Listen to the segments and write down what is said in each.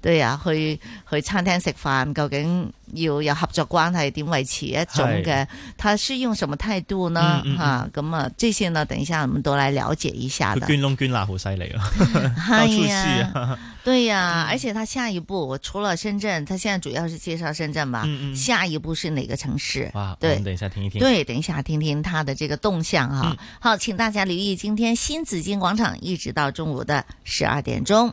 對呀，去去餐廳食飯，究竟要有合作關係，點維持一種嘅？他是用什麼態度呢？吓，咁啊，這些呢，等一下我們都來了解一下。捐窿捐罅好犀利啊！到處去啊，對呀，而且他下一步，除了深圳，他現在主要是介紹深圳吧？下一步是哪個城市？哇！對，等一下聽一聽。對，等一下聽聽他的這個動向啊！好，請大家留意今天新紫金廣場，一直到中午的十二點鐘。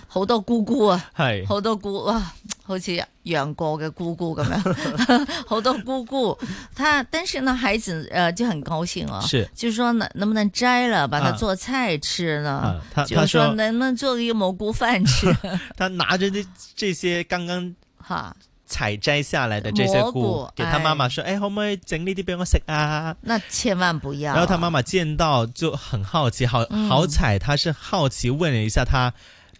好多姑姑啊，係好多姑啊，好似楊過嘅姑姑咁樣，好多姑姑。她但是呢孩子，呃就很高興啊，是，就說能能不能摘了，把它做菜吃呢？他說能不能做一個蘑菇飯吃？他拿着這這些剛剛哈採摘下來的這些菇，給他媽媽說：哎，可唔可以整呢啲俾我食啊？那千萬不要。然後他媽媽見到就很好奇，好好彩，他是好奇問了一下他。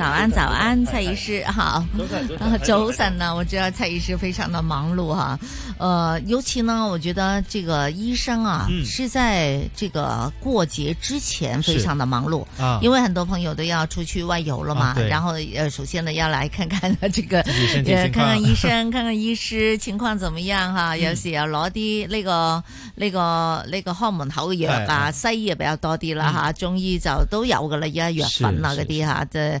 早安，早安，蔡醫師好。早晨，早晨呢？我知道蔡醫師非常的忙碌哈。呃，尤其呢，我覺得這個醫生啊，是在這個過節之前非常的忙碌，因為很多朋友都要出去外遊了嘛。然後，呃，首先呢，要來看看這個，看看醫生，看看醫師情況怎麼樣哈。要是要攞啲那個那個那個看門口嘅藥啊，西藥也比較多啲啦，哈。中醫就都有噶啦，依家藥品啊嗰啲吓，這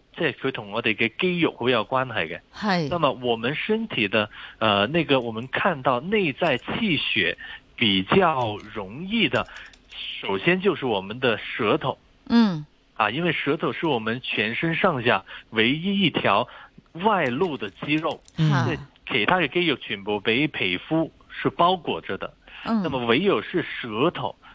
佢同我哋嘅肌肉好有關係嘅，係嘿。那麼我們身體的，呃，那個我們看到內在氣血比較容易的，嗯、首先就是我們的舌頭，嗯，啊，因為舌頭是我們全身上下唯一一條外露的肌肉，嗯，其他的肌肉全部被皮膚是包裹着的，嗯，那麼唯有是舌頭。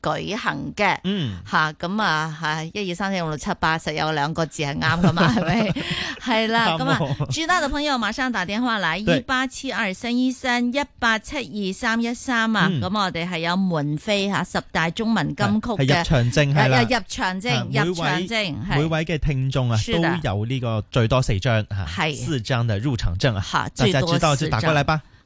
舉行嘅，吓咁啊，吓一二三四五六七八，實有兩個字係啱噶嘛，係咪？係啦，咁啊，知道嘅朋友馬上打電話嚟，一八七二三一三一八七二三一三啊，咁我哋係有門飛吓，十大中文金曲入場證係入場證，入場證，每位嘅聽眾啊都有呢個最多四張吓，四張嘅入場證吓，大家知道就打過嚟吧。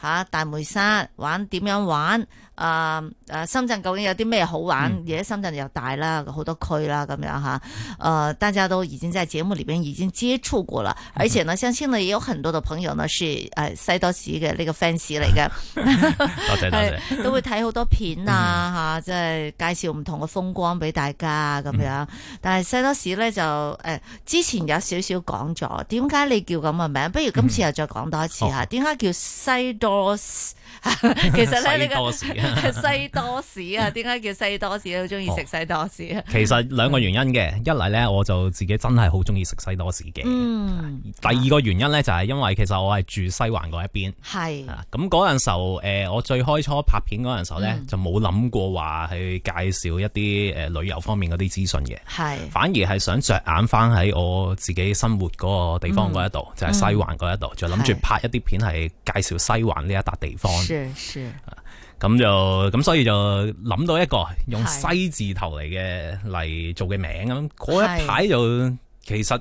吓、啊、大梅沙玩點樣玩啊，啊深圳究竟有啲咩好玩？而家，嗯、深圳又大啦，好多區啦，咁樣吓。誒，啊，大家都已經在節目裏邊已經接觸過啦。而且呢，相信呢也有很多的朋友呢是誒，哎，西多士嘅呢，這個 fans 嚟嘅。多謝多謝，都會睇好多片啊吓，即，啊、係，就是，介紹唔同嘅風光俾大家咁樣。嗯，但係西多士咧就誒，哎，之前有少少講咗，點解你叫咁嘅名？嗯，不如今次又再講多一次吓，點解好叫西多？多士，其實咧呢個西多士啊，點解叫西多士咧？好中意食西多士啊！其實兩個原因嘅，一嚟咧我就自己真係好中意食西多士嘅。嗯，第二個原因咧就係因為其實我係住西環嗰一邊。係，咁嗰陣時候誒，我最開初拍片嗰陣時候咧，就冇諗過話去介紹一啲誒旅遊方面嗰啲資訊嘅。係，反而係想着眼翻喺我自己生活嗰個地方嗰一度，就係西環嗰一度，就諗住拍一啲片係介紹西環。玩呢一笪地方，咁、啊、就咁，所以就諗到一個用西字頭嚟嘅嚟做嘅名咁，嗰是一排就是其實誒、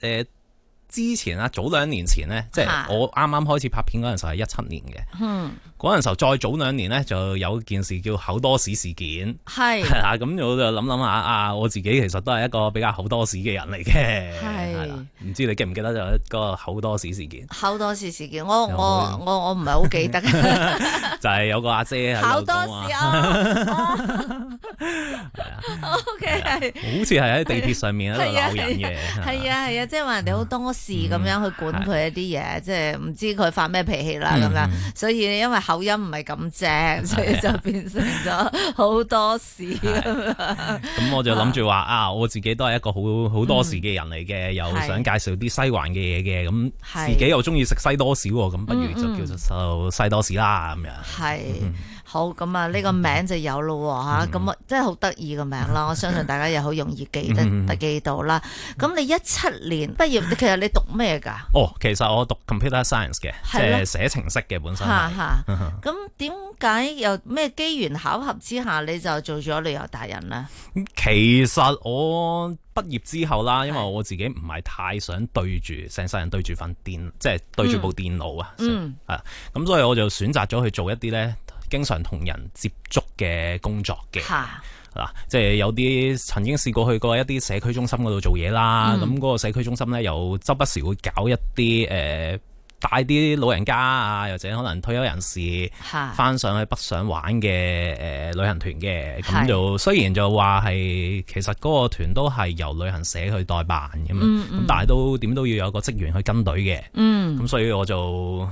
呃，之前啊，早兩年前呢，是即係我啱啱開始拍片嗰陣時係一七年嘅，嗯嗰陣時候再早兩年呢，就有件事叫口多事事件。係，咁我就諗諗下啊，我自己其實都係一個比較口多事嘅人嚟嘅。係，唔知你記唔記得就嗰個口多事事件？口多事事件，我我我唔係好記得。就係有個阿姐口多事啊。OK，好似係喺地鐵上面喺度鬧人嘅。係啊係啊，即係話人哋好多事咁樣去管佢一啲嘢，即係唔知佢發咩脾氣啦咁樣，所以因為。口音唔係咁正，所以就變成咗好多屎是、啊 啊。咁我就諗住話啊，我自己都係一個好好多事嘅人嚟嘅，又想介紹啲西環嘅嘢嘅，咁自己又中意食西多士喎，咁不如就叫做西多士啦咁、嗯嗯、樣。嗯好咁啊，呢個名就有咯吓，咁啊，真係好得意個名啦！我相信大家又好容易記得得記到啦。咁你一七年畢業，其實你讀咩噶？哦,其實我讀 computer science 嘅,即係寫程式嘅本身。咁點解又咩機緣巧合之下你就做咗旅遊達人呢？其實我畢業之後啦，因為我自己唔係太想對住成世人對住份電，即係對住部電腦啊。嗯。係咁所以我就選擇咗去做一啲咧。經常同人接觸嘅工作嘅，嗱是，即係有啲曾經試過去過一啲社區中心嗰度做嘢啦。咁嗰、嗯、個社區中心呢，又周不時會搞一啲誒、呃、帶啲老人家啊，又或者可能退休人士翻是上去北上玩嘅誒、呃、旅行團嘅。咁就是雖然就話係其實嗰個團都係由旅行社去代辦咁咁、嗯嗯、但係都點都要有一個職員去跟隊嘅。咁、嗯、所以我就。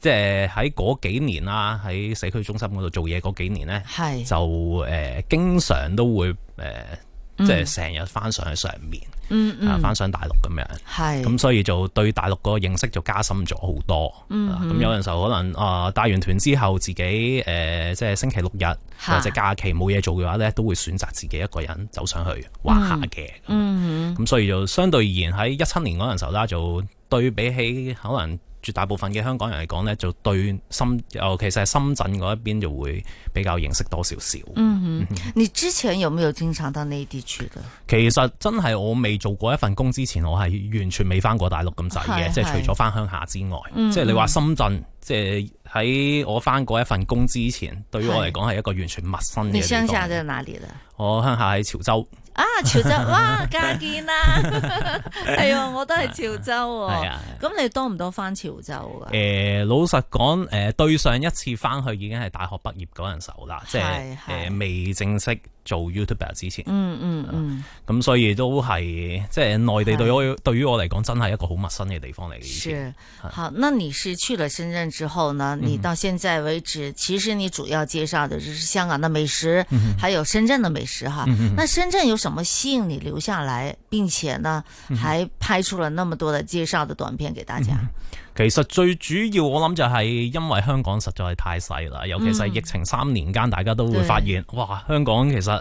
即係喺嗰幾年啦，喺社區中心嗰度做嘢嗰幾年呢，是就誒、呃、經常都會誒、呃、即係成日翻上去上面，嗯嗯、啊翻上大陸咁樣，咁是所以就對大陸嗰個認識就加深咗好多。咁、嗯嗯啊、有陣時候可能啊、呃、帶完團之後，自己誒、呃、即係星期六日或者假期冇嘢做嘅話呢，都會選擇自己一個人走上去玩下嘅。咁所以就相對而言喺一七年嗰陣時候啦，就對比起可能。絕大部分嘅香港人嚟講呢，就對深尤、哦，其實係喺深圳嗰一邊就會比較認識多少少。嗯，哼嗯哼你之前有沒有經常到呢啲處嘅？其實真係我未做過一份工之前，我係完全未返過大陸咁滯嘅，是是即係除咗返鄉下之外，是是即係你話深圳，即係喺我返過一份工之前，對於我嚟講係一個完全陌生嘅地方。你鄉下喺哪裏咧？我鄉下喺潮州。啊！潮州哇，家建啦，係 啊！我都係潮州，係啊。咁你多唔多翻潮州啊？誒，老實講，誒、呃，對上一次翻去已經係大學畢業嗰陣時候啦，是是即係、呃、未正式。做 YouTube 之前，嗯嗯嗯，咁、嗯啊、所以都係即係內地對我、嗯、對於我嚟講真係一個好陌生嘅地方嚟嘅。是，好，那你是去了深圳之後呢？你到現在為止，嗯、其實你主要介紹的就是香港的美食，嗯嗯、還有深圳的美食哈。嗯嗯、那深圳有什麼吸引你留下來，並且呢、嗯、還拍出了那麼多的介紹的短片給大家？嗯嗯其實最主要我諗就係因為香港實在太細啦，尤其是疫情三年間，大家都會發現，嗯、哇，香港其實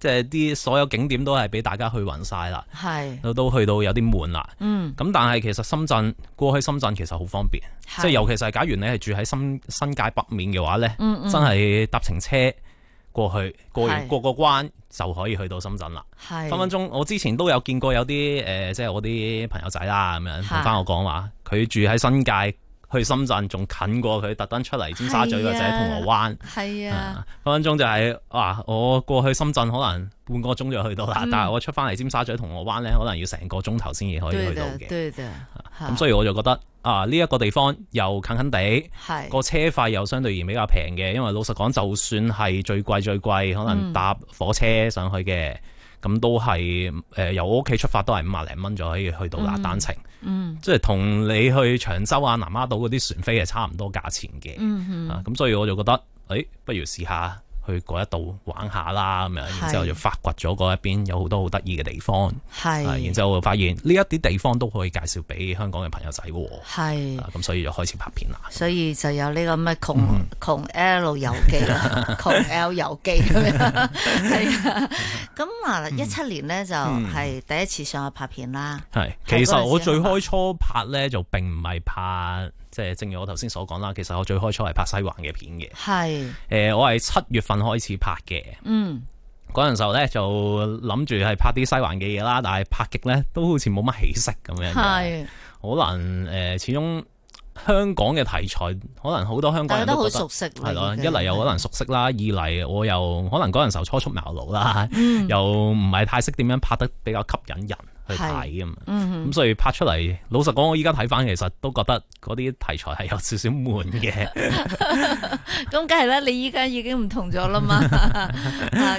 即係啲所有景點都係俾大家去匀晒啦，是都去到有啲滿悶啦。咁、嗯、但係其實深圳過去深圳其實好方便，即係是尤其是假如你係住喺新新界北面嘅話呢，嗯嗯、真係搭程車。過去過完過個關就可以去到深圳啦，分分鐘。我之前都有見過有啲誒、呃，即係我啲朋友仔啦咁樣同翻我講話，佢係住喺新界。去深圳仲近過佢，特登出嚟尖沙咀或者銅鑼灣，係啊，是分分鐘就係、是，哇！我過去深圳可能半個鐘就去到啦，嗯、但係我出翻嚟尖沙咀銅鑼灣咧，可能要成個鐘頭先至可以去到嘅。對、嗯、對，咁所以我就覺得啊，呢、這、一個地方又近近地，係個是車費又相對而比較平嘅。因為老實講，就算係最貴最貴，可能搭火車上去嘅。嗯咁都係由我屋企出發都係五萬零蚊就可以去到啦，單程，嗯，嗯，即係同你去長洲啊、南丫島嗰啲船飛係差唔多價錢嘅，嗯，嗯，咁所以我就覺得，誒、哎，不如試下。去嗰一度玩下啦，咁樣，然之後就發掘咗嗰一邊有好多好得意嘅地方，係，然之後發現呢一啲地方都可以介紹俾香港嘅朋友仔，係，咁所以就開始拍片啦。所以就有呢個咩窮窮 L 遊記啦，窮 L 遊記咁樣，係啊。咁嗱，一七年呢就係第一次上去拍片啦。係，其實我最開初拍呢，就並唔係拍。即係正如我頭先所講啦，其實我最開初係拍西環嘅片嘅。係是，誒、呃、我係七月份開始拍嘅。嗯，嗰陣時候呢，就諗住係拍啲西環嘅嘢啦，但係拍極呢，都好似冇乜起色咁樣。係是，可能誒。始終香港嘅題材可能好多香港人都好熟悉，係咯。一嚟又可能熟悉啦，的二嚟我又可能嗰陣時候初出茅廬啦，嗯、又唔係太識點樣拍得比較吸引人。係咁，咁、嗯、所以拍出嚟，老實講，我依家睇翻，其實都覺得嗰啲題材係有少少悶嘅。咁梗係啦，你依家已經唔同咗啦嘛。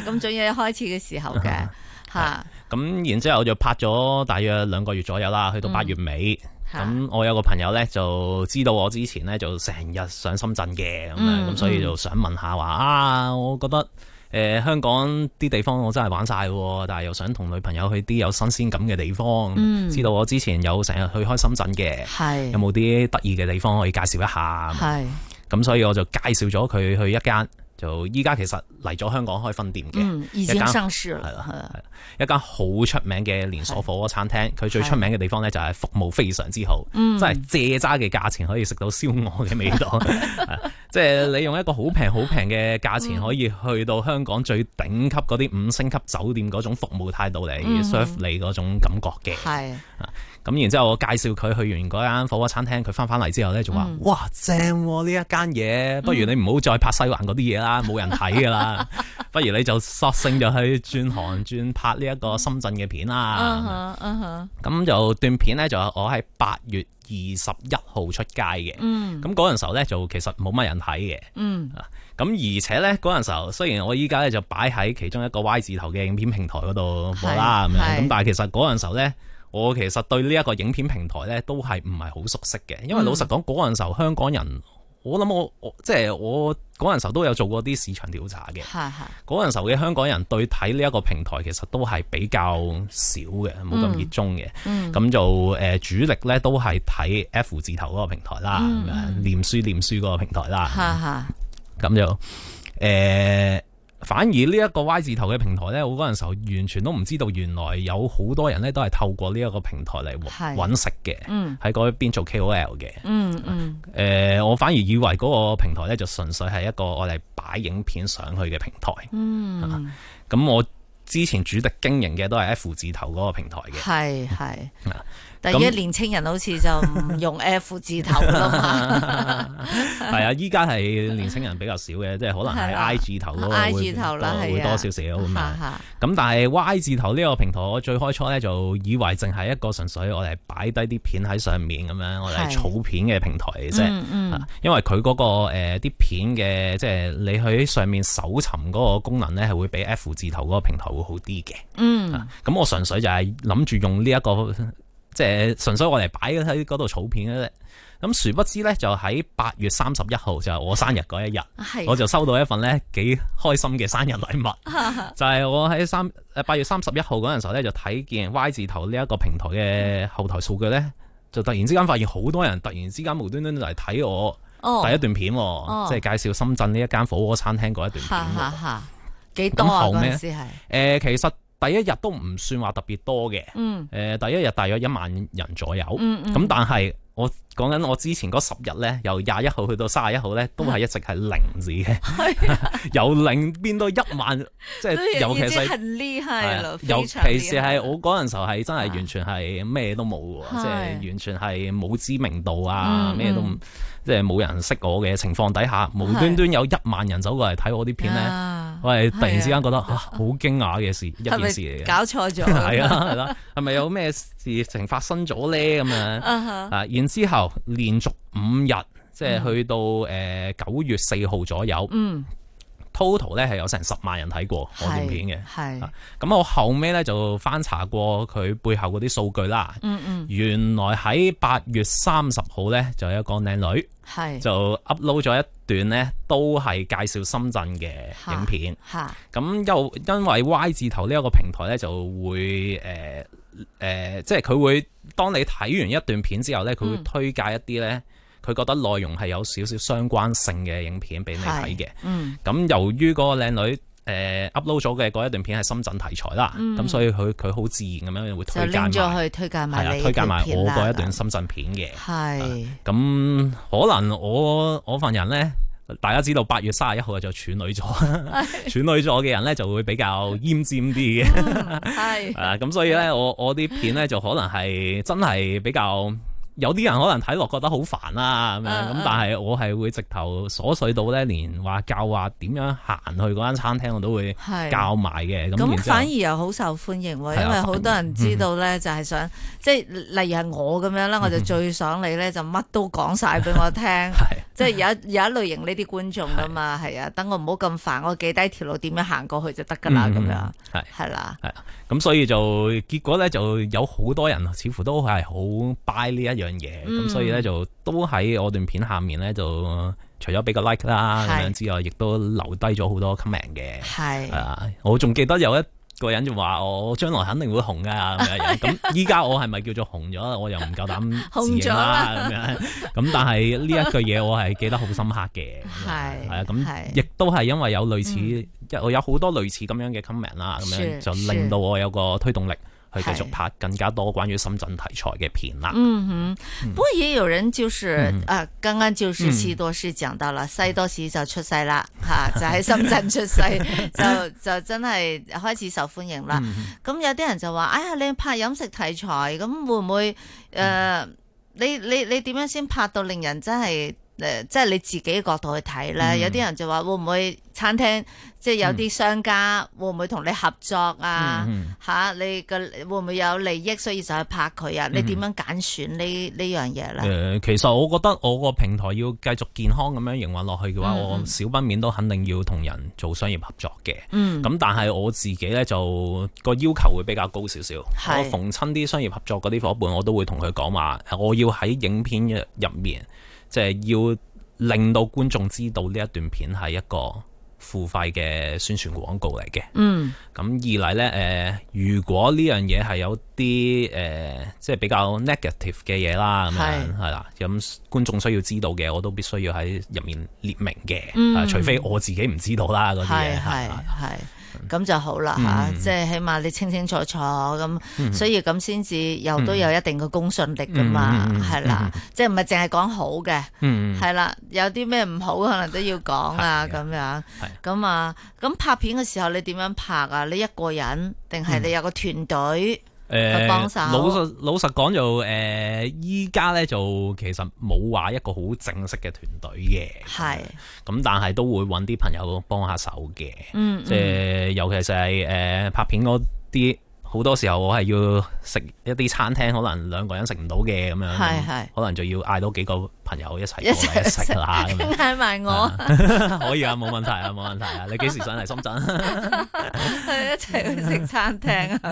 咁仲、 啊、要有開始嘅時候嘅吓。咁然之後我就拍咗大約兩個月左右啦，去到八月尾。咁我有個朋友咧，就知道我之前咧就成日上深圳嘅咁啊，咁、嗯、所以就想問下話啊，我覺得。誒、呃、香港啲地方我真係玩晒喎，但係又想同女朋友去啲有新鮮感嘅地方。嗯、知道我之前有成日去開深圳嘅，係有冇啲得意嘅地方可以介紹一下？咁係所以我就介紹咗佢去一間。就依家其實嚟咗香港開分店嘅、嗯，已經上市啦，係啦係啦，一間好出名嘅連鎖火鍋餐廳。佢的最出名嘅地方呢，就係服務非常之好，的真係借渣嘅價錢可以食到燒鵝嘅味道。即係、 就係、你用一個好平好平嘅價錢可以去到香港最頂級嗰啲五星級酒店嗰種服務態度嚟 serve 你嗰種感覺嘅，的咁然之後，我介紹佢去完嗰間火鍋餐廳，佢翻翻嚟之後咧，就話：哇，正喎，呢一間嘢，不如你唔好再拍西環嗰啲嘢啦，冇人睇噶啦，不如你就索性就去轉行，轉拍呢一個深圳嘅片啦。咁就段片咧，就我喺八月二十一號出街嘅。咁嗰陣時候咧，就其實冇乜人睇嘅。咁而且咧，嗰陣時候雖然我依家咧就擺喺其中一個 Y 字頭嘅影片平台嗰度播啦，咁樣咁，但係其實嗰陣時候咧。我其實對呢一個影片平台咧，都係唔係好熟悉嘅。因為老實講，嗰陣時候香港人，我諗我我即係、就是、我嗰陣時候都有做過啲市場調查嘅。係係是。嗰陣時候嘅香港人對睇呢一個平台其實都係比較少嘅，冇咁熱衷嘅。嗯。咁、嗯、就誒、呃、主力咧都係睇 F 字頭嗰個平台啦，嗯、念書念書嗰個平台啦。嚇咁是就誒。呃反而呢一個 Y 字頭嘅平台呢，我嗰陣時候完全都唔知道，原來有好多人呢都係透過呢一個平台嚟揾食嘅，喺嗰、嗯、邊做 KOL 嘅、嗯。嗯嗯。誒、呃，我反而以為嗰個平台呢，就純粹係一個我哋擺影片上去嘅平台。嗯咁、啊、我之前主力經營嘅都係 F 字頭嗰個平台嘅。係係。第一年青人好似就唔用 F 字頭噶係啊，依家係年青人比較少嘅，即係可能係 I 字頭咯，I 字頭啦，會多少少。咁 但係 Y 字頭呢個平台，我最開初咧就以為淨係一個純粹我哋擺低啲片喺上面咁樣，我哋儲片嘅平台嘅啫，的因為佢嗰、那個誒啲、呃、片嘅，即係你喺上面搜尋嗰個功能咧，係會比 F 字頭嗰個平台會好啲嘅，嗯、咁、啊、我純粹就係諗住用呢、這、一個。即係純粹我嚟擺喺嗰度草片嘅啫。咁殊不知呢，就喺八月三十一號就係我生日嗰一日，的我就收到一份呢幾開心嘅生日禮物， 就係我喺三八月三十一號嗰陣時候呢，就睇見 Y 字頭呢一個平台嘅後台數據呢，就突然之間發現好多人突然之間無端端嚟睇我第一段片，即係、哦哦、介紹深圳呢一間火鍋餐廳嗰一段片， 幾多嗰、啊、陣、呃、其實。第一日都唔算話特別多嘅。誒，第一日大約一萬人左右，咁但係我講緊我之前嗰十日咧，由廿一號去到卅一號咧，都係一直係零字嘅，由零變到一萬，即係尤其是尤其是係我嗰陣時候係真係完全係咩都冇，即係完全係冇知名度啊，咩都唔，即係冇人識我嘅情況底下，無端端有一萬人走過嚟睇我啲片咧。我係突然之間覺得吓好驚訝嘅事一件事嚟嘅，係咪搞錯咗係啊？係啦，係咪有咩事情發生咗咧咁樣？ 啊，然之後連續五日，即係去到誒九月四號左右。嗯。Total 咧係有成十萬人睇過我段片嘅，咁、啊、我後尾咧就翻查過佢背後嗰啲數據啦。嗯嗯、原來喺八月三十號咧，就有一個靚女是就 upload 咗一段咧，都係介紹深圳嘅影片。咁又因為 Y 字頭呢一個平台咧，就會誒誒、呃呃，即係佢會當你睇完一段片之後咧，佢會推介一啲咧。嗯佢覺得內容係有少少相關性嘅影片俾你睇嘅，咁、嗯、由於嗰個靚女誒 upload 咗嘅嗰一段片係深圳題材啦，咁、嗯、所以佢佢好自然咁樣會推介就去推介埋、啊，推介埋我嗰一段深圳片嘅。係是，咁、啊、可能我我份人咧，大家知道八月三十一號就處女座，處女座嘅人咧就會比較奄尖啲嘅，係、嗯、 啊，咁所以咧，我我啲片咧就可能係真係比較。有啲人可能睇落覺得好煩啦，咁樣，咁，但係我係會直頭瑣碎到咧，連話教話點樣行去間餐廳我都會教埋嘅。咁反而又好受歡迎，因為好多人知道咧，就係想即係例如係我咁樣啦，我就最想你咧，就乜都講晒俾我聽，係即係有有一類型呢啲觀眾噶嘛，係啊，等我唔好咁煩，我記低條路點樣行過去就得㗎啦，咁樣係係啦。係咁，所以就結果咧就有好多人似乎都係好 buy 呢一樣。嘅咁，嗯、所以咧就都喺我段片下面咧，就除咗俾個 like 啦咁是樣之外，亦都留低咗好多 comment 嘅。係是、啊，我仲記得有一個人就話我將來肯定會紅噶咁樣。咁依家我係咪叫做紅咗？我又唔夠膽自認了啦咁樣。咁但係呢一句嘢我係記得好深刻嘅。係 是，係啊。咁、嗯、亦、嗯、都係因為有類似，我、嗯、有好多類似咁樣嘅 comment 啦，咁是樣就令到我有個推動力。去繼續拍更加多關於深圳題材嘅片啦。嗯哼，嗯，不過也有人就是，嗯、啊，剛剛就是西多士講到了，嗯、西多士就出世啦，吓、嗯啊、就喺深圳出世， 就就真係開始受歡迎啦。咁、嗯、哼有啲人就話，哎呀，你拍飲食題材，咁會唔會誒、呃？你你你點樣先拍到令人真係？誒，即係你自己嘅角度去睇咧，嗯、有啲人就話會唔會餐廳，嗯、即係有啲商家會唔會同你合作啊？吓、嗯嗯啊，你個會唔會有利益，所以就去拍佢啊？嗯、你點樣揀選、嗯、樣東西呢呢樣嘢咧？誒、呃，其實我覺得我個平台要繼續健康咁樣營運落去嘅話，嗯、我少不免都肯定要同人做商業合作嘅。嗯，咁但係我自己咧就個要求會比較高少少。是我逢親啲商業合作嗰啲伙伴，我都會同佢講話，我要喺影片入面。即係要令到觀眾知道呢一段片係一個付費嘅宣傳廣告嚟嘅。嗯。咁二嚟呢、呃，如果呢樣嘢係有啲誒、呃，即係比較 negative 嘅嘢啦，咁是樣係啦。咁觀眾需要知道嘅，我都必須要喺入面列明嘅。嗯、除非我自己唔知道啦，嗰啲嘢係。係。咁就好啦吓，即係起碼你清清楚楚咁，所以咁先至又都有一定嘅公信力噶嘛，係啦，即係唔係淨係講好嘅。嗯，係啦，有啲咩唔好可能都要講啊咁樣。咁啊，咁拍片嘅時候你點樣拍啊？你一個人定係你有個團隊？誒、呃忙，老實老實講就誒，依、呃、家呢，就其實冇話一個好正式嘅團隊嘅，係是，咁但係都會揾啲朋友幫下手嘅，嗯，嗯，即係、呃、尤其是係、呃、拍片嗰啲。好多時候我係要食一啲餐廳，可能兩個人食唔到嘅咁樣，係係，可能就要嗌多幾個朋友一齊一齊食啦，咁樣嗌埋我，可以啊，冇問題啊，冇問題啊，你幾時想嚟深圳？係一齊去食餐廳啊，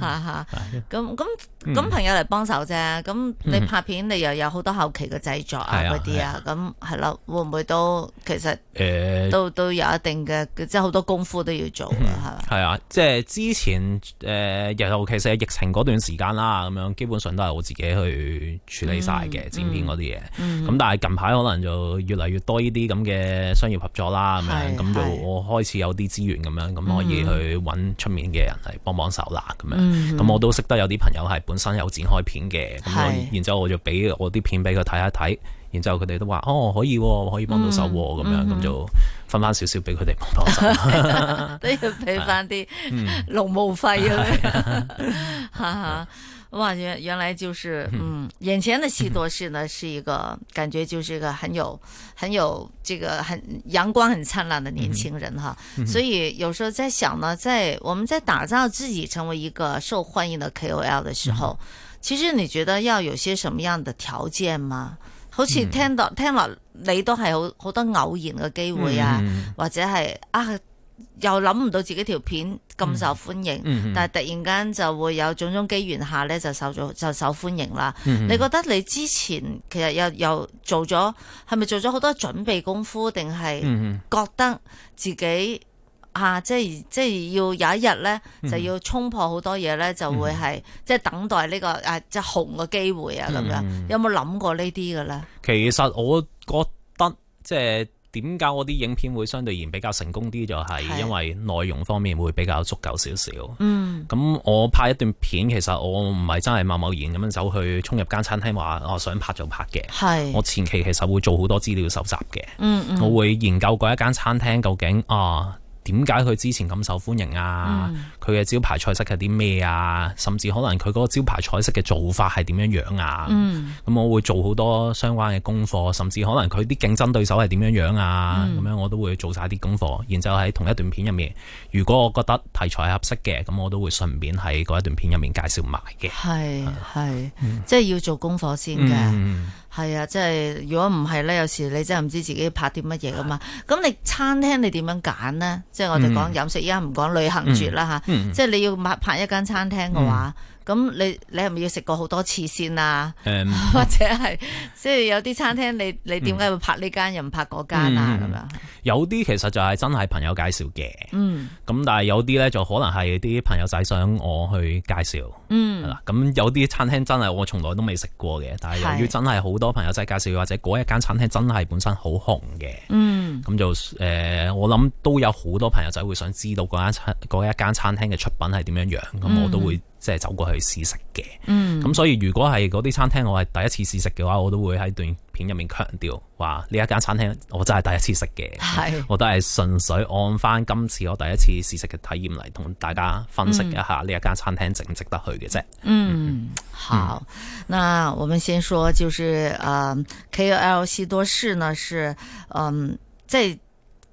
係啊，咁咁咁朋友嚟幫手啫，咁你拍片你又有好多後期嘅製作啊嗰啲啊，咁係咯，會唔會都其實誒，都都有一定嘅，即係好多功夫都要做啊，係嘛，係啊，即係之前。誒，其實、呃、其實疫情嗰段時間啦，咁樣基本上都係我自己去處理晒嘅，mm hmm. 剪片嗰啲嘢。咁、mm hmm. 但係近排可能就越嚟越多呢啲咁嘅商業合作啦，咁樣咁就我開始有啲資源咁、mm hmm. 樣，咁可以去揾出面嘅人嚟幫幫手啦。咁樣，咁、mm hmm. 我都識得有啲朋友係本身有剪開片嘅，咁、mm hmm. 我然之後我就俾我啲片俾佢睇一睇。然後佢哋都話，哦，可以可以幫到手咁樣，咁就分翻少少俾佢哋幫到手，都要俾翻啲勞務費啦。哇，原原來就是，嗯，眼前的西多士呢，是一個感覺就是一個很有很有這個很陽光、很燦爛的年輕人哈。所以有時候在想呢，在我們在打造自己成為一個受歡迎的 KOL 的時候，其實你覺得要有些什麼樣的條件嗎？好似聽到、mm hmm. 聽落，你都係好好多偶然嘅機會啊，mm hmm. 或者係啊，又諗唔到自己條片咁受歡迎，mm hmm. 但係突然間就會有種種機緣下咧就受咗就受歡迎啦。Mm hmm. 你覺得你之前其實又又做咗，係咪做咗好多準備功夫，定係覺得自己？啊！即係即係要有一日呢，嗯、就要衝破好多嘢呢，就會係、嗯、即係等待呢、呢個誒、啊、即係紅嘅機會！啊！咁、嗯、樣有冇諗過呢啲嘅呢？其實我覺得即係點解我啲影片會相對而言比較成功啲，就係因為內容方面會比較足夠少少。咁、嗯、我拍一段片，其實我唔係真係貿貿然咁樣走去衝入間餐廳話我想拍就拍嘅。是我前期其實會做好多資料搜集嘅。嗯、我會研究過一間餐廳究竟啊。點解佢之前咁受歡迎啊？佢嘅、嗯、招牌菜式係啲咩啊？甚至可能佢嗰個招牌菜式嘅做法係點樣樣啊？咁、嗯、我會做好多相關嘅功課，甚至可能佢啲競爭對手係點樣樣啊？咁、嗯、樣我都會做晒啲功課，然之後喺同一段片入面，如果我覺得題材係合適嘅，咁我都會順便喺嗰一段片入面介紹埋嘅。係係，係嗯、即係要做功課先嘅。嗯係啊，即係如果唔係咧，有時你真係唔知自己拍啲乜嘢噶嘛。咁你餐廳你點樣揀呢？即係、嗯、我哋講飲食，依家唔講旅行住啦吓。嗯嗯、即係你要拍一間餐廳嘅話。嗯咁你你係咪要食過好多次先啊？或者係即係有啲餐廳你你點解會拍呢間又唔拍嗰間啊？咁樣有啲其實就係真係朋友介紹嘅。嗯，咁但係有啲咧就可能係啲朋友仔想我去介紹。嗯，係啦，咁有啲餐廳真係我從來都未食過嘅，但係由於真係好多朋友仔介紹，或者嗰一間餐廳真係本身好紅嘅。嗯，咁就誒、呃，我諗都有好多朋友仔會想知道嗰間餐嗰一間餐廳嘅出品係點樣樣，咁我都會。嗯即係走過去試食嘅，咁、嗯、所以如果係嗰啲餐廳，我係第一次試食嘅話，我都會喺段片入面強調話呢一間餐廳我真係第一次食嘅，是我都係純粹按翻今次我第一次試食嘅體驗嚟同大家分析一下呢一間餐廳值唔值得去嘅啫。嗯，嗯，好，嗯、那我們先說就是，呃、uh, KOL 西多士呢是，嗯、um，在。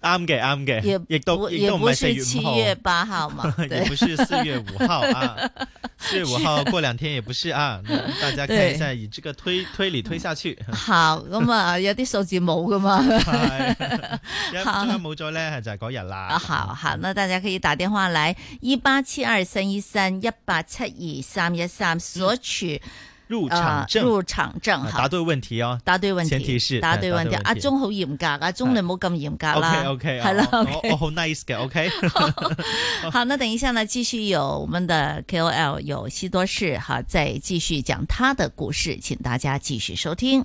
啱嘅，啱嘅，亦都亦都唔係七月八號嘛，也不是四月五號啊，四月五號過兩天也不是啊，大家可以以這個推推理推下去。好，咁啊，有啲數字冇噶嘛，一冇咗咧就係嗰日啦。好好，那大家可以打電話嚟一八七二三一三一八七二三一三索取。入場證，入場證，答對問題哦，答對問題，前提是答對問題。阿忠好嚴格，阿忠你唔好咁嚴格啦，OK OK，係啦 o 好 nice 嘅，OK。好，那等一下呢，繼續有我們的 KOL 有西多士哈，再繼續講他的故事，請大家繼續收聽。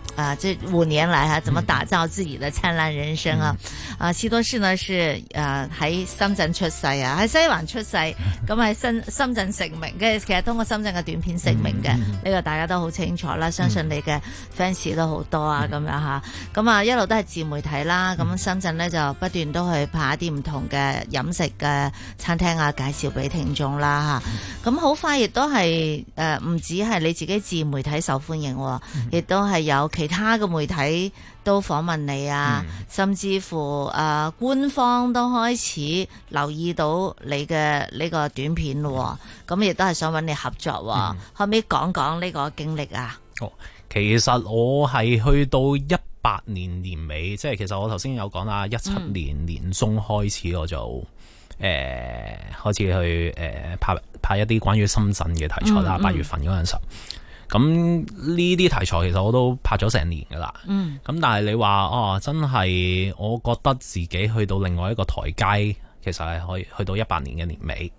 啊！即係五年嚟吓，怎麼打造自己的燦爛人生啊？嗯、啊，西多士呢是誒，喺、啊、深圳出世啊，喺西環出世，咁喺深深圳成名嘅，其實通過深圳嘅短片成名嘅，呢、嗯、個大家都好清楚啦。相信你嘅 fans 都好多啊，咁樣吓，咁啊，啊一路都係自媒體啦。咁深圳咧就不斷都去拍一啲唔同嘅飲食嘅餐廳啊，介紹俾聽眾啦吓。咁、啊、好快亦都係誒唔止係你自己自媒體受歡迎、啊，亦都係有其他其他嘅媒體都訪問你啊，嗯、甚至乎誒、呃、官方都開始留意到你嘅呢、這個短片咯、哦，咁亦都係想揾你合作、哦。嗯、可唔可以講講呢個經歷啊？哦，其實我係去到一八年年尾，即係其實我頭先有講啦，一七年年中開始我就誒、嗯呃、開始去誒、呃、拍拍一啲關於深圳嘅題材啦，八月份嗰陣時候。嗯嗯咁呢啲題材其實我都拍咗成年噶啦，咁、嗯、但係你話啊、哦，真係我覺得自己去到另外一個台階，其實係可以去到一八年嘅年尾。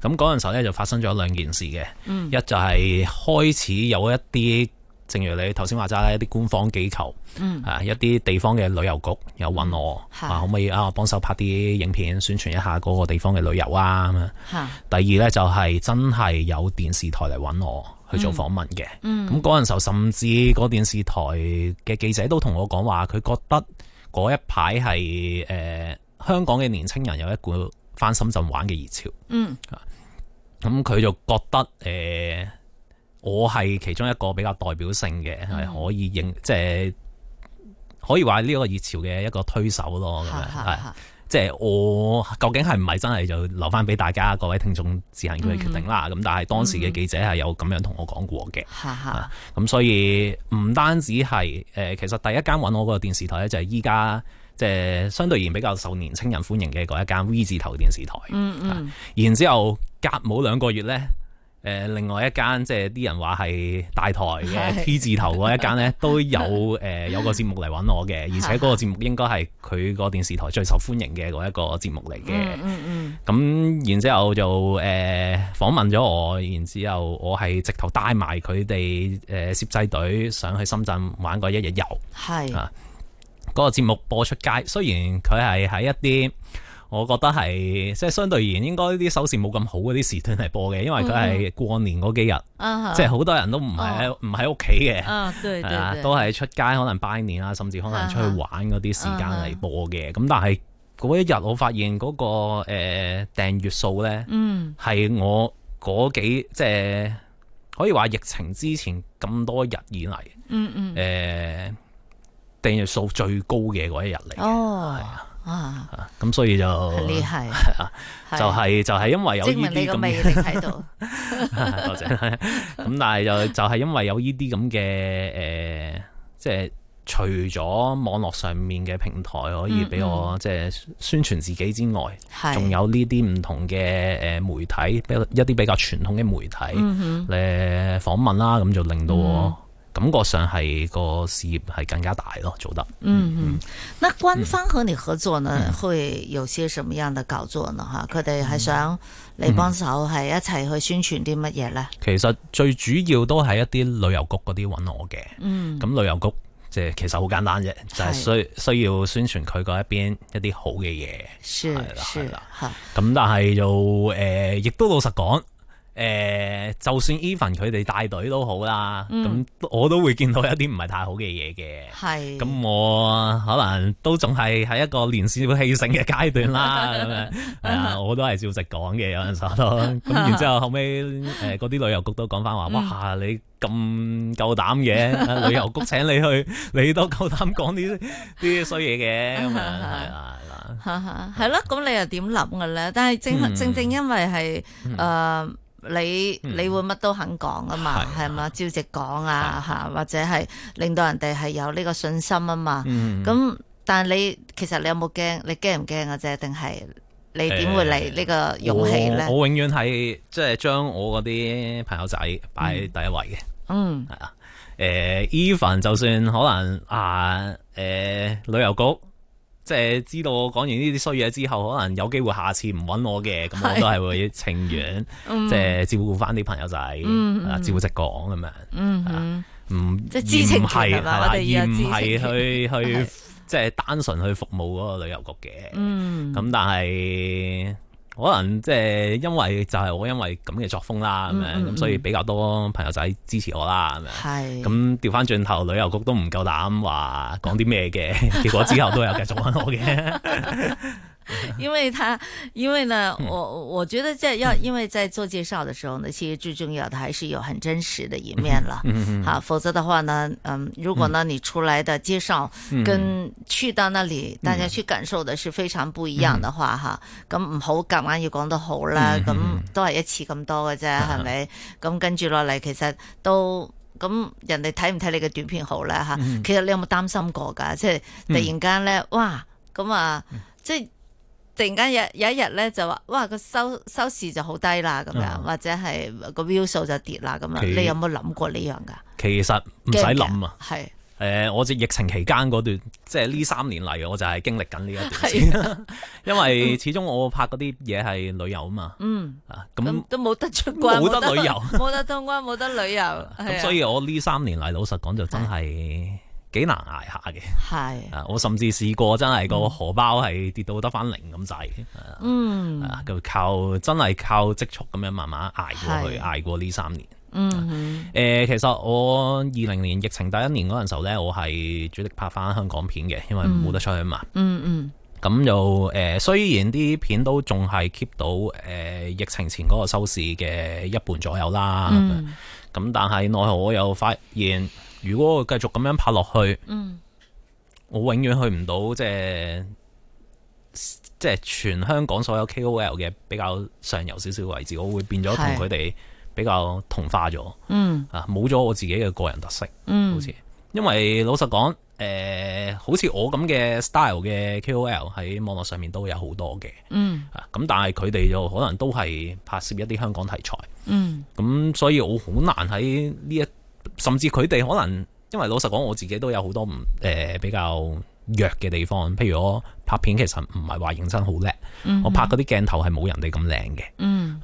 咁嗰陣時候咧就發生咗兩件事嘅，嗯、一就係開始有一啲，正如你頭先話齋，一啲官方機構、嗯、啊，一啲地方嘅旅遊局有搵我，是啊，可唔可以啊幫手拍啲影片宣傳一下嗰個地方嘅旅遊啊咁是第二咧就係、是、真係有電視台嚟搵我。去做訪問嘅，咁嗰陣時候甚至個電視台嘅記者都同我講話，佢覺得嗰一排係誒香港嘅年輕人有一股返深圳玩嘅熱潮，嗯，咁佢、嗯、就覺得誒、呃、我係其中一個比較代表性嘅，係、嗯、可以認即係可以話呢一個熱潮嘅一個推手咯，咁樣哈。即係我究竟係唔係真係就留翻俾大家各位聽眾自行去決定啦。咁、嗯、哼但係當時嘅記者係有咁樣同我講過嘅。咁、嗯哼啊、所以唔單止係誒，其實第一間揾我嘅電視台呢，就係依家即係相對而言比較受年青人歡迎嘅嗰一間 V 字頭電視台。嗯嗯。啊、然之後隔冇兩個月呢。誒，另外一間即係啲人話係大台嘅是 T 字頭嗰一間呢，都有誒、 呃、有個節目嚟揾我嘅，而且嗰個節目應該係佢個電視台最受歡迎嘅嗰一個節目嚟嘅，嗯。嗯嗯，咁然之後就誒、呃、訪問咗我，然之後我係直頭帶埋佢哋誒攝製隊上去深圳玩過一日遊。係是。嗰，啊，那個節目播出街，雖然佢係喺一啲。我覺得係即係相對而言，應該啲收視冇咁好嗰啲時段嚟播嘅，因為佢係過年嗰幾日，嗯啊、即係好多人都唔喺唔喺屋企嘅，係、哦、啊，對對對都係出街可能拜年啊，甚至可能出去玩嗰啲時間嚟播嘅。咁、啊啊、但係嗰一日，我發現嗰、嗰個誒、呃、訂閱數咧、係、嗯、我嗰幾即係可以話疫情之前咁多日以嚟，誒、嗯嗯呃、訂閱數最高嘅嗰一日嚟嘅。哦啊，咁所以就係，就係就係因為有呢啲咁，證明你個魅力喺度。咁 但係就就係因為有呢啲咁嘅誒，即、呃、係、就係、除咗網絡上面嘅平台可以俾我即係宣傳自己之外，仲、嗯嗯、有呢啲唔同嘅誒媒體，一啲比較傳統嘅媒體，誒訪、嗯嗯、問啦，咁就令到我。感覺上係個事業係更加大咯，做得。嗯嗯，嗯那官方和你合作呢，嗯、會有些什麼樣的搞作呢？哈、嗯，佢哋係想你幫手，係一齊去宣傳啲乜嘢呢、嗯？其實最主要都係一啲旅遊局嗰啲揾我嘅。嗯，咁旅遊局即係其實好簡單啫，是就係需需要宣傳佢嗰一邊一啲好嘅嘢是。係啦，係啦好，吓。咁但係就，誒、呃，亦都老實講。誒，就算 even 佢哋帶隊都好啦，咁我都會見到一啲唔係太好嘅嘢嘅。咁我可能都仲係喺一個年少氣盛嘅階段啦。咁樣係啊，我都係照直講嘅，有陣時候都。咁然之後後尾誒，嗰啲旅遊局都講翻話，哇！你咁夠膽嘅，旅遊局請你去，你都夠膽講呢啲衰嘢嘅，咁樣係啊，係係咯，咁你又點諗㗎咧？但係正正正因為係誒。你、嗯、你會乜都肯講啊嘛，係嘛的，照直講啊吓，是的或者係令到人哋係有呢個信心啊嘛。咁、嗯、但係你其實你有冇驚？你驚唔驚嘅啫？定係你點會嚟呢個勇氣咧、欸？我永遠係即係將我嗰啲朋友仔擺第一位嘅、嗯。嗯係啊，誒 Even 就算可能啊，誒、呃呃，旅遊局。即係知道我講完呢啲衰嘢之後，可能有機會下次唔揾我嘅，咁是我都係會情願，即係、嗯、照顧翻啲朋友仔，嗯嗯、照顧直講咁樣，唔即係支持係嘛，嗯、而唔係去去即係、就是、單純去服務嗰個旅遊局嘅，咁、嗯、但係。可能即係因為就係我因為咁嘅作風啦，咁樣咁所以比較多朋友仔支持我啦，咁樣是。係。咁調翻轉頭，旅遊局都唔夠膽話講啲咩嘅，結果之後都有繼續揾我嘅。 因為佢，因為呢，我我覺得在要，因為在做介紹的時候呢，呢其實最重要的還是有很真實的一面啦。好、 啊，否則的話呢，嗯，如果呢你出來的介紹跟去到那裏，大家去感受的是非常不一樣的話，哈，咁 唔、啊、好夾硬要講得好啦。咁都係一次咁多嘅啫，係咪？咁跟住落嚟，其實都咁人哋睇唔睇你嘅短片好啦，吓。其實你有冇擔心過㗎？即係突然間呢，哇，咁啊，即係。突然間有有一日咧，就話，哇個收收市就好低啦，咁樣或者係個 view 數就跌啦，咁啊，你有冇諗過呢樣噶？其實唔使諗啊，係誒，我疫情期間嗰段，即係呢三年嚟，我就係經歷緊呢一段，因為始終我拍嗰啲嘢係旅遊啊嘛，嗯，啊咁都冇得出關，冇得旅遊，冇得通關，冇得旅遊，咁所以我呢三年嚟，老實講就真係。幾難挨下嘅，係的啊！我甚至試過真係個荷包係跌到得翻零咁滯，嗯啊，啊，就靠真係靠積蓄咁樣慢慢挨過去，挨的過呢三年。嗯哼，誒、啊呃，其實我二零年疫情第一年嗰陣時候呢，我係主力拍翻香港片嘅，因為冇得出去嘛。嗯嗯。咁又誒，雖然啲片都仲係 keep 到誒、呃、疫情前嗰個收視嘅一半左右啦，咁、嗯啊、但係奈何我又發現，如果我繼續咁樣拍落去，嗯、我永遠去唔到即係即係全香港所有 KOL 嘅比較上游少少位置，我會變咗同佢哋比較同化咗。嗯，啊冇咗我自己嘅個人特色。嗯，好似因為老實講，誒、呃、好似我咁嘅 style 嘅 KOL 喺網絡上面都有好多嘅。嗯，咁、啊、但係佢哋就可能都係拍攝一啲香港題材。嗯，咁、啊、所以我好難喺呢一甚至佢哋可能，因為老實講，我自己都有好多唔誒、呃、比較弱嘅地方，譬如我拍片其實唔係話認真好叻，mm hmm. 我拍嗰啲鏡頭係冇人哋咁靚嘅。Mm hmm. 嗯。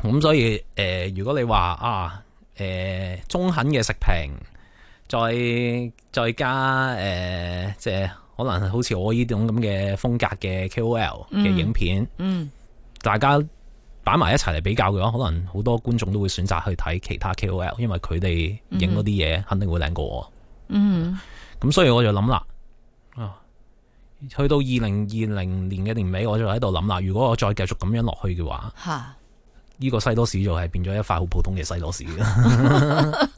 咁所以誒、呃，如果你話啊，誒、呃、中肯嘅食評，再再加誒、呃，即係可能好似我呢種咁嘅風格嘅 KOL 嘅影片，嗯、mm，hmm. 大家。擺埋一齊嚟比較嘅話，可能好多觀眾都會選擇去睇其他 KOL，因為佢哋影嗰啲嘢肯定會靚過我。嗯哼，咁、啊、所以我就諗啦，啊，去到二零二零年嘅年尾，我就喺度諗啦。如果我再繼續咁樣落去嘅話，吓、啊，呢個西多士就係變咗一塊好普通嘅西多士。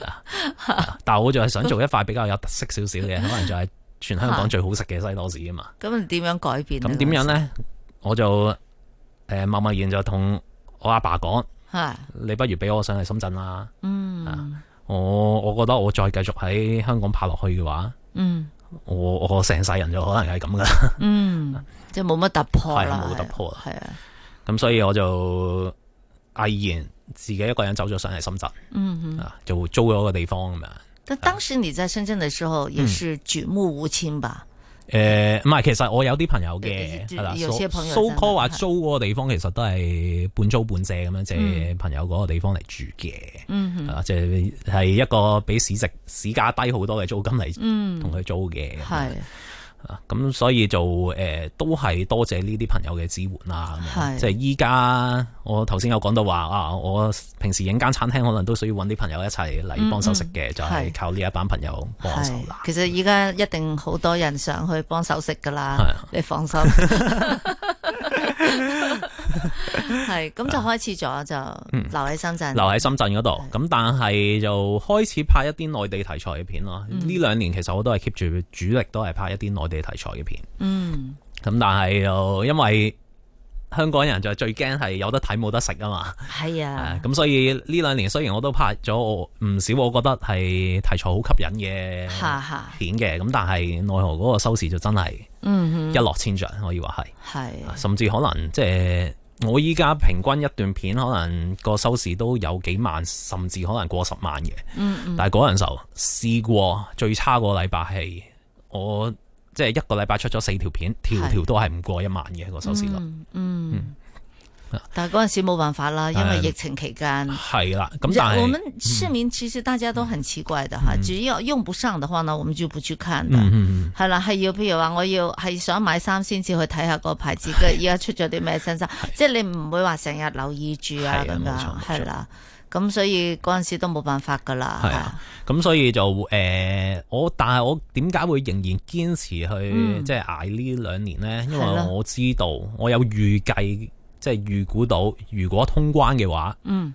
啊啊啊、但係我就係想做一塊比較有特色少少嘅，可能就係全香港最好食嘅西多士啊、啊嘛。咁點樣改變呢？咁點樣呢？我就。誒，默默然就同我阿爸講，啊、你不如俾我上嚟深圳啦。嗯，啊、我我覺得我再繼續喺香港拍落去嘅話，嗯，我我成世人就可能係咁噶啦。嗯，即係冇乜突破啦。係冇突破，係啊，咁、啊、所以我就毅然自己一個人走咗上嚟深圳。嗯嗯哼、啊，就租咗個地方咁樣。但當時你在深圳嘅時候，也是舉目無親吧？嗯誒，唔係、呃，其實我有啲朋友嘅係啦，朋友租租話租嗰個地方，其實都係半租半借咁樣借朋友嗰個地方嚟住嘅，係嘛、嗯哼，即係係一個比市值市價低好多嘅租金嚟，同佢租嘅。咁、嗯、所以就誒、呃，都係多謝呢啲朋友嘅支援啦。咁是即係依家我頭先有講到話啊，我平時影間餐廳可能都需要揾啲朋友一齊嚟幫手食嘅，嗯嗯就係靠呢一班朋友幫手啦。其實依家一定好多人想去幫手食噶啦，啊、你放心。 係咁 就開始咗就留喺深圳，嗯、留喺深圳嗰度。咁的但係就開始拍一啲內地題材嘅片咯。呢、嗯、兩年其實我都係 keep 住主力，都係拍一啲內地題材嘅片。嗯，咁但係又因為香港人就最驚係有得睇冇得食啊嘛。係的啊，咁所以呢兩年雖然我都拍咗唔少，我覺得係題材好吸引嘅，片嘅的。咁但係奈何嗰個收視就真係，嗯一落千丈，嗯、哼可以話係，係的甚至可能即係。我依家平均一段片可能個收視都有幾萬，甚至可能過十萬嘅、嗯。嗯但係陣時試過，最差個禮拜係我即係一個禮拜出咗四條片，條條都係唔過一萬嘅個是收視率。嗯。嗯嗯但係嗰陣時冇辦法啦，因為疫情期間係啦。咁但係我們市民其實大家都很奇怪的哈，只、嗯、要用不上的話呢，我們就唔出坑噶。係啦、嗯，係要譬如話我要係想買衫先至去睇下個牌子嘅，而家是出咗啲咩新衫，即係是你唔會話成日留意住啊咁樣係啦。咁、啊啊、所以嗰陣時都冇辦法噶啦。咁、啊、所以就誒、呃，我但係我點解會仍然堅持去即係捱呢兩年呢？因為我知道、啊、我有預計。即係預估到，如果通關嘅話，嗯，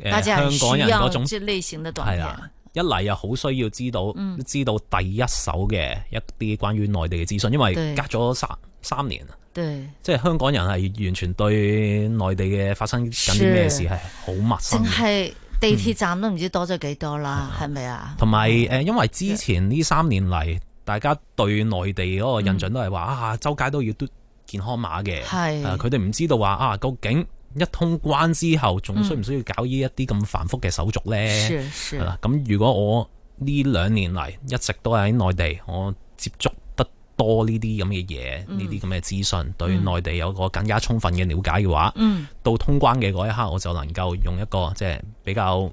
誒、呃、香港人嗰種係啊，一嚟又好需要知道，嗯、知道第一手嘅一啲關於內地嘅資訊，因為隔咗三三年啊，對即係香港人係完全對內地嘅發生緊啲咩事係好是陌生，淨係地鐵站都唔知多咗幾多啦，係咪、嗯、啊？同埋誒，因為之前呢三年嚟，對大家對內地嗰個印象都係話、嗯、啊，周街都要嘟。健康碼嘅，是啊，佢哋唔知道話啊，究竟一通關之後，仲需唔需要搞呢一啲咁繁複嘅手續呢？咁、啊、如果我呢兩年嚟一直都喺內地，我接觸得多呢啲咁嘅嘢，呢啲咁嘅資訊，對內地有個更加充分嘅了解嘅話，嗯、到通關嘅嗰一刻，我就能夠用一個即係比較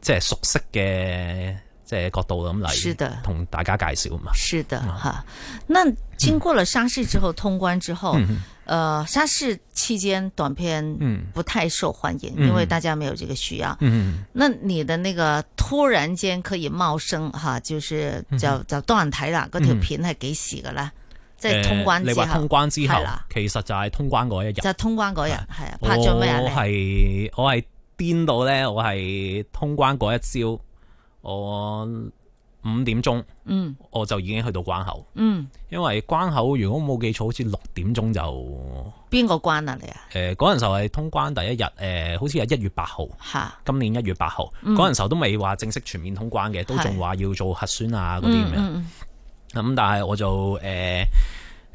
即係、即係、熟悉嘅即係角度咁嚟同大家介紹嘛。是的啊經過了沙士之後通關之後，呃，沙士期間短片不太受歡迎，因為大家沒有這個需要。嗯，那你的那個突然間可以冒升哈，就是就就多人睇啦。嗰條片係幾時嘅咧？在通關之後通關之後，其實就係通關嗰一日。就通關嗰日係啊，拍咗咩嘢？我係我係癲到咧，我係通關嗰一朝我。五點鐘，嗯，我就已經去到關口，嗯，因為關口如果冇記錯，好似六點鐘就邊個關啊你啊？誒、呃，嗰陣時候係通關第一日，誒、呃，好似係一月八號，吓哈，今年一月八號，嗰陣、嗯、時候都未話正式全面通關嘅，都仲話要做核酸啊嗰啲咁樣，咁、嗯、但係我就誒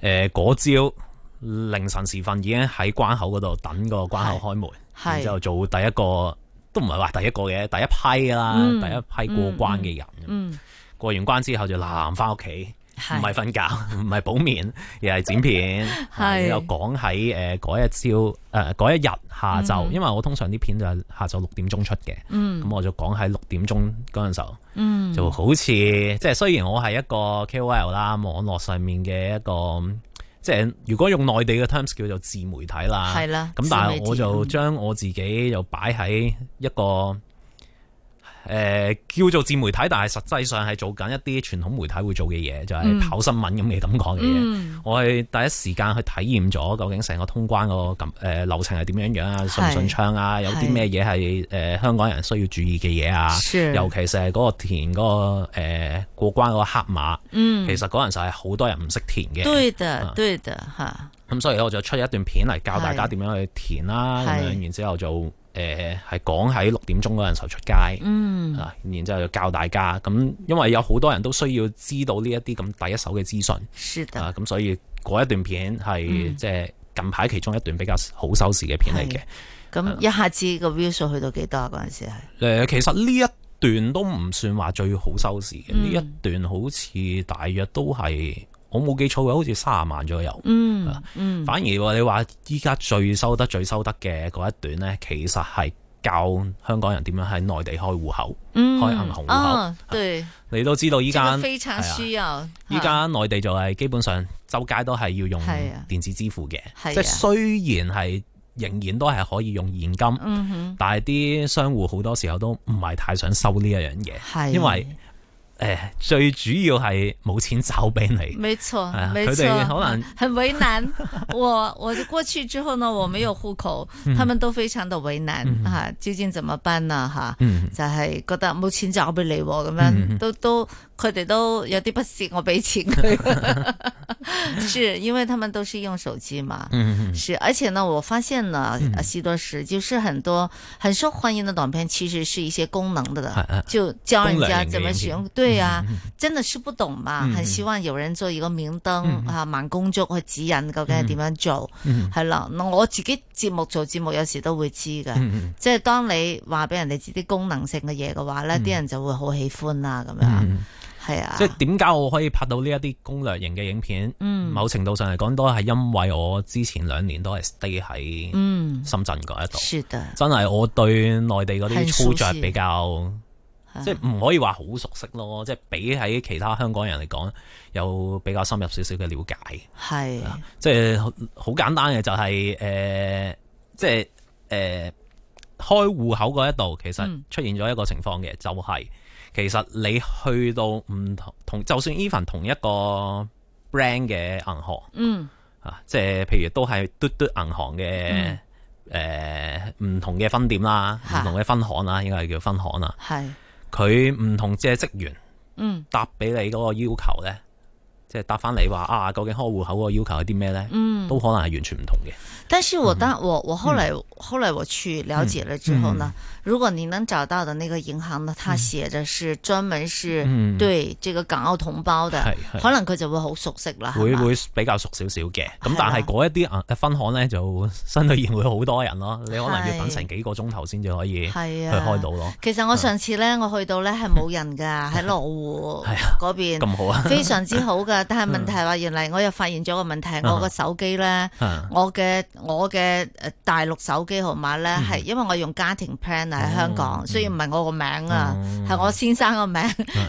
誒嗰朝凌晨時分已經喺關口嗰度等個關口開門，然後做第一個都唔係話第一個嘅，第一批啦，嗯、第一批過關嘅人。嗯嗯嗯過完關之後就嗱返屋企，唔係瞓覺，唔係補眠，又係剪片，又講喺誒嗰一朝誒嗰一日下晝，嗯、因為我通常啲片就係下晝六點鐘出嘅，咁、嗯、我就講喺六點鐘嗰陣時候，嗯、就好似即係雖然我係一個 KOL 啦，網絡上面嘅一個，即係如果用內地嘅 terms 叫做自媒體啦，係啦的，咁但係我就將我自己就擺喺一個。誒、呃，叫做自媒體，但係實際上係做緊一啲傳統媒體會做嘅嘢，就係、是、跑新聞咁嘅咁講嘅嘢。嗯嗯、我係第一時間去體驗咗，究竟成個通關個咁誒流程係點樣樣啊？順唔順暢？啊，信信是有啲咩嘢係誒香港人需要注意嘅嘢啊？是尤其是係嗰個填嗰、嗰個、誒、呃、過關嗰個黑碼，嗯、其實嗰陣時係好多人唔識填嘅。對嘅，對嘅。吓、嗯。咁所以我就出了一段片嚟教大家點是樣去填啦，咁是樣，然之後就。誒，係講喺六點鐘嗰陣時候出街，嗯、啊，然之後就教大家，咁因為有好多人都需要知道呢一啲咁第一手嘅資訊，係的啊，咁所以嗰一段片係、嗯、即係近排其中一段比較好收視嘅片嚟嘅的，咁的一下子個 view 數去到幾多嗰陣時係？誒、呃，其實呢一段都唔算話最好收視嘅，呢、嗯、一段好似大約都係。我冇記錯嘅，好似三十萬左右。嗯嗯，嗯，反而你話依家最收得最收得嘅嗰一段呢，其實係教香港人點樣喺內地開戶口、嗯、開銀行戶口。啊、對，你都知道依家非常需要依家、啊、內地就係基本上，啊、基本上周街都係要用電子支付嘅，啊啊、即係雖然係仍然都係可以用現金，嗯、哼但係啲商戶好多時候都唔係太想收呢一樣嘢，啊、因為。誒、哎，最主要係冇錢找俾你，沒錯，沒錯，佢哋可能很為難。 我我過去之後呢，我沒有戶口，嗯、他們都非常的為難，吓、嗯啊，究竟怎麼辦呢？吓、啊，嗯、就係覺得冇錢找俾你咁樣、嗯，都都。佢哋都有啲不屑我俾錢佢，係，因為他們都是用手機嘛，嗯是，而且呢，我發現呢，許多時，就是很多很受歡迎的短片，其實是一些功能的，就教人家怎麼使用，對啊，真的是不懂嘛，很希望有人做一個明燈啊、盲公竹去指引究竟係點樣做，係啦，我自己節目做節目有時都會知嘅，即係當你話俾人哋知啲功能性嘅嘢嘅話咧，啲人就會好喜歡啦，咁樣。即係點解我可以拍到呢一啲攻略型嘅影片？嗯，某程度上嚟講，都係因為我之前兩年都係 stay 喺深圳嗰一度，嗯、是的真係我對內地嗰啲操作比較，即係唔可以話好熟悉咯。即係比喺其他香港人嚟講，有比較深入少少嘅了解。係是、就係呃，即係好簡單嘅就係，誒、呃，即係誒開戶口嗰一度，其實出現咗一個情況嘅，嗯、就係、是。其實你去到唔同同，就算 even 同一個 brand 嘅銀行，嗯啊，即係譬如都係嘟嘟銀行嘅，誒唔同嘅分店啦，唔哈同嘅分行啦，應該係叫分行啦。係佢唔同即係職員，嗯，答俾你嗰個要求咧。即係答翻你話啊，究竟開戶口個要求有啲咩咧？嗯，都可能係完全唔同嘅。但是我，得我我後來後來我去了解了之後呢，如果你能找到的那個銀行呢，他寫着是專門是對這個港澳同胞的，可能佢就會好熟悉啦，會會比較熟少少嘅。咁但係嗰一啲分行咧，就相對會好多人咯。你可能要等成幾個鐘頭先至可以去開到咯。其實我上次咧，我去到咧係冇人噶，喺羅湖嗰邊，咁好啊，非常之好㗎。但係問題話原來我又發現咗個問題，我個手機咧，我嘅我嘅大陸手機號碼咧，係因為我用家庭 plan 喺香港，雖然唔係我個名啊，係我先生個名，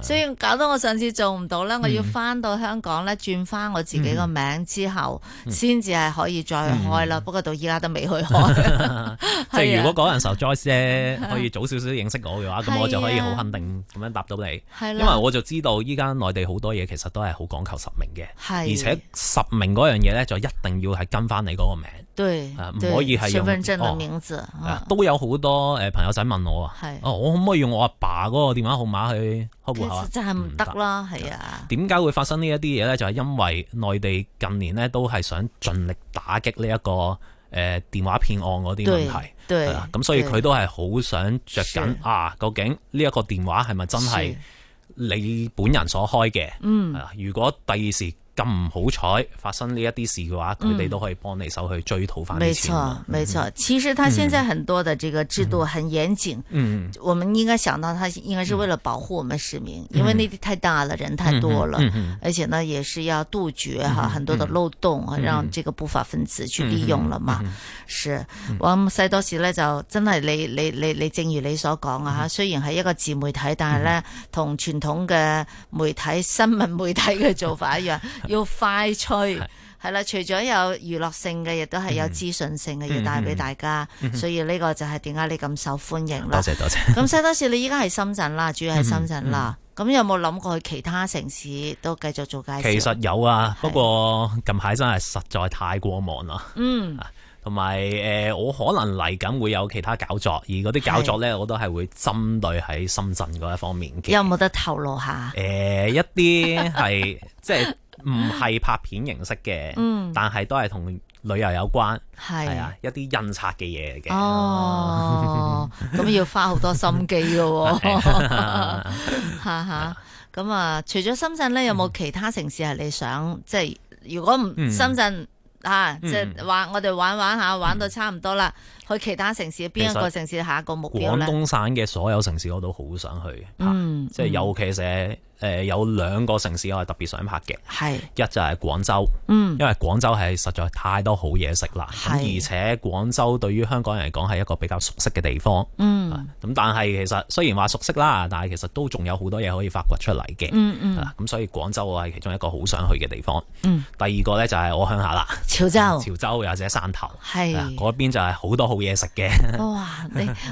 所以搞到我上次做唔到啦，我要翻到香港咧轉翻我自己個名之後先至係可以再開啦。不過到依家都未去開，即係如果嗰陣時候 Joyce 咧，可以早少少認識我嘅話，咁我就可以好肯定咁樣答到你。因為我就知道依家內地好多嘢其實都係好講求。十名嘅，而且十名嗰樣嘢咧，就一定要係跟翻你嗰個名，唔可以係用身份證嘅名字，都有好多誒朋友仔問我啊，哦，我可唔可以用我阿爸嗰個電話號碼去開戶口啊？真係唔得啦，係啊。點解會發生呢一啲嘢咧？就係因為內地近年咧都係想盡力打擊呢一個誒電話騙案嗰啲問題，咁所以佢都係好想着緊啊，究竟呢一個電話係咪真係？你本人所開嘅，係啦，如果第二時。咁唔好彩，發生呢一啲事嘅話，佢哋都可以幫你手去追討翻啲錢。冇錯，冇錯、嗯。其實佢現在很多的這個制度很嚴謹。嗯、我們應該想到，佢應該是為了保護我們市民，嗯、因為呢啲太大了，人太多了，嗯嗯、而且呢，也是要杜絕哈很多的漏洞，嗯、哼讓這個不法分子去利用了嘛。嗯嗯、是。我諗西多士呢，就真係你你你你，你你正如你所講啊，雖然係一個自媒體，但係呢，同傳統嘅媒體新聞媒體嘅做法一樣。 要快脆係啦，除咗有娛樂性嘅，亦都係有資訊性嘅，要帶俾大家。嗯嗯嗯、所以呢個就係點解你咁受歡迎啦？多謝多謝。咁西多士，你依家係深圳啦，主要係深圳啦。咁、嗯嗯、有冇諗過去其他城市都繼續做介紹？其實有啊，不過近排真係實在太過忙啦。嗯，同埋誒，我可能嚟緊會有其他搞作，而嗰啲搞作呢，是我都係會針對喺深圳嗰一方面嘅。有冇得透露下？誒、呃，一啲係 即係。唔係拍片形式嘅，但係都係同旅遊有關，係啊，一啲印刷嘅嘢嘅。哦，咁要花好多心機咯。吓吓，咁啊，除咗深圳呢，有冇其他城市係你想？即係如果唔深圳啊，即係話我哋玩玩下，玩到差唔多啦，去其他城市，邊一個城市，下一個目標呢？廣東省嘅所有城市我都好想去，嗯，即係尤其是。誒有兩個城市我係特別想拍嘅，係一就係廣州，嗯，因為廣州係實在太多好嘢食啦，而且廣州對於香港人嚟講係一個比較熟悉嘅地方，嗯，咁但係其實雖然話熟悉啦，但係其實都仲有好多嘢可以發掘出嚟嘅，嗯嗯，咁所以廣州我係其中一個好想去嘅地方，第二個呢就係我鄉下啦，潮州，潮州或者汕頭，係嗰邊就係好多好嘢食嘅，哇，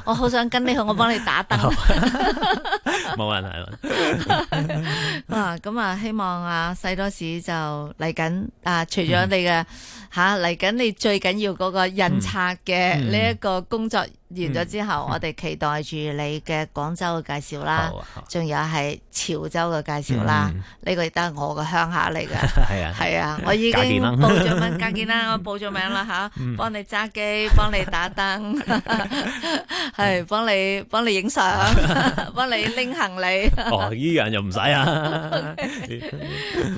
我好想跟你去，我幫你打燈，冇問題。 啊，咁、嗯、啊，希望啊西多士就嚟緊啊，除咗你嘅。嗯吓嚟緊你最緊要嗰個印刷嘅呢一個工作完咗之後，我哋期待住你嘅廣州嘅介紹啦，仲有係潮州嘅介紹啦。呢個亦都係我個鄉下嚟嘅。係啊，係啊，我已經報咗名，家見啦，我報咗名啦。吓，幫你揸機，幫你打燈，係幫你幫你影相，幫你拎行李。哦，呢樣又唔使啊。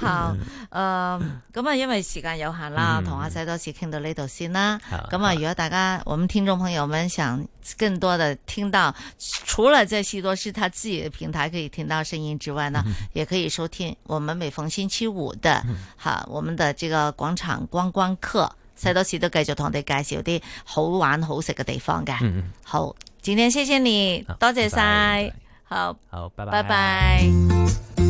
好。誒，咁啊，因為時間有限啦，同阿西多士傾到呢度先啦。咁啊，如果大家我們聽眾朋友們想更多的聽到，除了在西多士他自己的平台可以聽到聲音之外呢，也可以收聽我們每逢星期五的，吓，我們的這個廣場觀光課，西多士都繼續同你介紹啲好玩好食嘅地方嘅。好，今天謝謝你，多謝晒，好，好，拜拜，拜拜。